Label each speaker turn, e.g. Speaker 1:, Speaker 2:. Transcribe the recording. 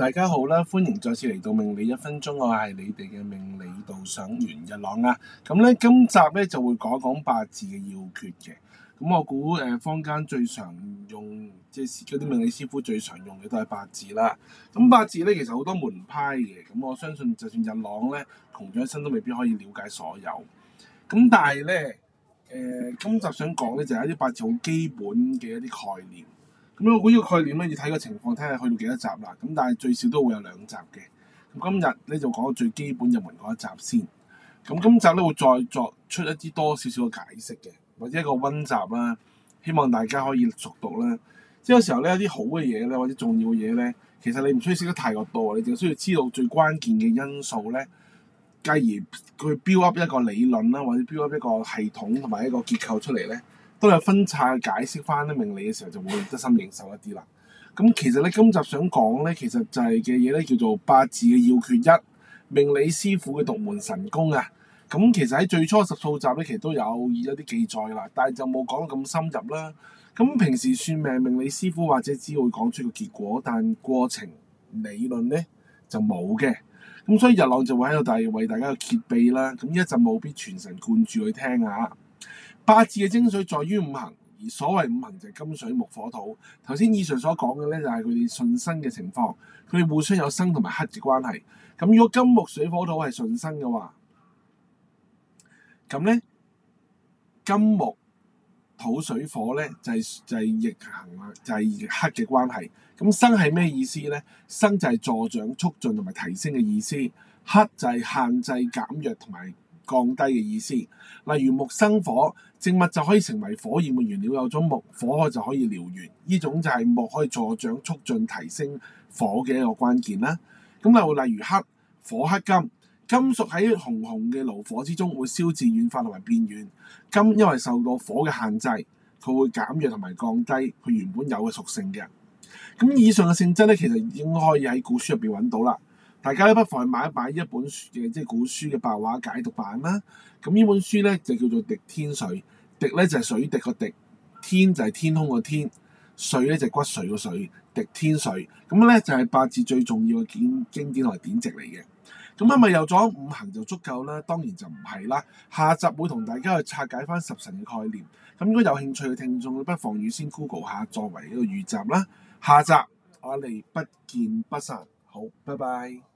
Speaker 1: 大家好啦，歡迎再次嚟到命理一分鐘，我係你哋嘅命理導賞員日朗啊。咁咧，今集咧就會講講八字嘅要訣嘅。咁我估誒坊間最常用，即係嗰啲命理師傅最常用嘅都係八字啦。咁八字咧其實好多門派嘅，咁我相信就算日朗咧窮咗一身都未必可以了解所有。咁但係咧，誒、呃、今集想講咧就係一啲八字好基本嘅一啲概念。咁我估呢個概念咧要睇個情況，睇下去到幾多集啦。咁但係最少都會有兩集嘅。咁今日咧就講最基本入門嗰一集先。咁、嗯、今集咧會再作出一啲多少少嘅解釋嘅，或者一個溫習啦。希望大家可以熟讀啦。即係有時候咧，一啲好嘅嘢咧，或者重要嘅嘢咧，其實你唔需要識得太過多，你淨需要知道最關鍵嘅因素咧。繼而，佢 build up 一個理論啦，或者 build up 一個系統同埋一,一個結構出嚟咧。都有分拆解釋翻啲命理嘅時候，就會得心應手一啲啦。咁其實咧，今集想講咧，其實就係嘅嘢咧，叫做八字嘅要訣一命理師傅嘅獨門神功啊。咁其實喺最初十數集咧，其實都有有啲記載啦，但係就冇講得咁深入啦。咁平時算命命理師傅或者只會講出個結果，但過程理論咧就冇嘅。咁所以日朗就會喺度第為大家嘅揭秘啦。咁一陣務必全神貫注去聽下。八字嘅精髓在於五行，而所謂五行就係金水木火土。頭先以上所講嘅咧，就係佢哋順生嘅情況，佢哋互相有生同埋剋嘅關係。咁如果金木水火土係順生嘅話，咁咧，金木土水火咧就係就係逆行啊，就係剋嘅關係。咁生係咩意思咧？生就係助長、促進同埋提升嘅意思，剋就係限制、減弱同埋降低嘅意思，例如木生火，植物就可以成為火焰嘅原料，有種木，有咗木火開就可以燎原，呢種就係木可以助長、促進、提升火嘅一個關鍵啦。咁又例如剋火剋金，金屬喺紅紅嘅爐火之中會燒至軟化同埋變軟，金因為受到火嘅限制，佢會減弱同埋降低佢原本有嘅屬性嘅。咁以上嘅性質咧，其實已經可以喺古書入邊揾到啦。大家咧不妨買一買一本嘅即係古書嘅白話解讀版啦。咁呢本書咧就叫做《滴天髓》，滴咧就係水滴個滴，就係、滴滴天就係、係、天空個天，髓咧就係、骨髓個髓，髓，《滴天髓》咁咧就係八字最重要嘅典經典同典籍嚟嘅。咁啊咪有咗五行就足夠啦，當然就唔係啦。下集會同大家去拆解翻十神嘅概念。咁如果有興趣嘅聽眾，不妨預先 Google 下作為一個預習啦。下集我哋不見不散，好，拜拜。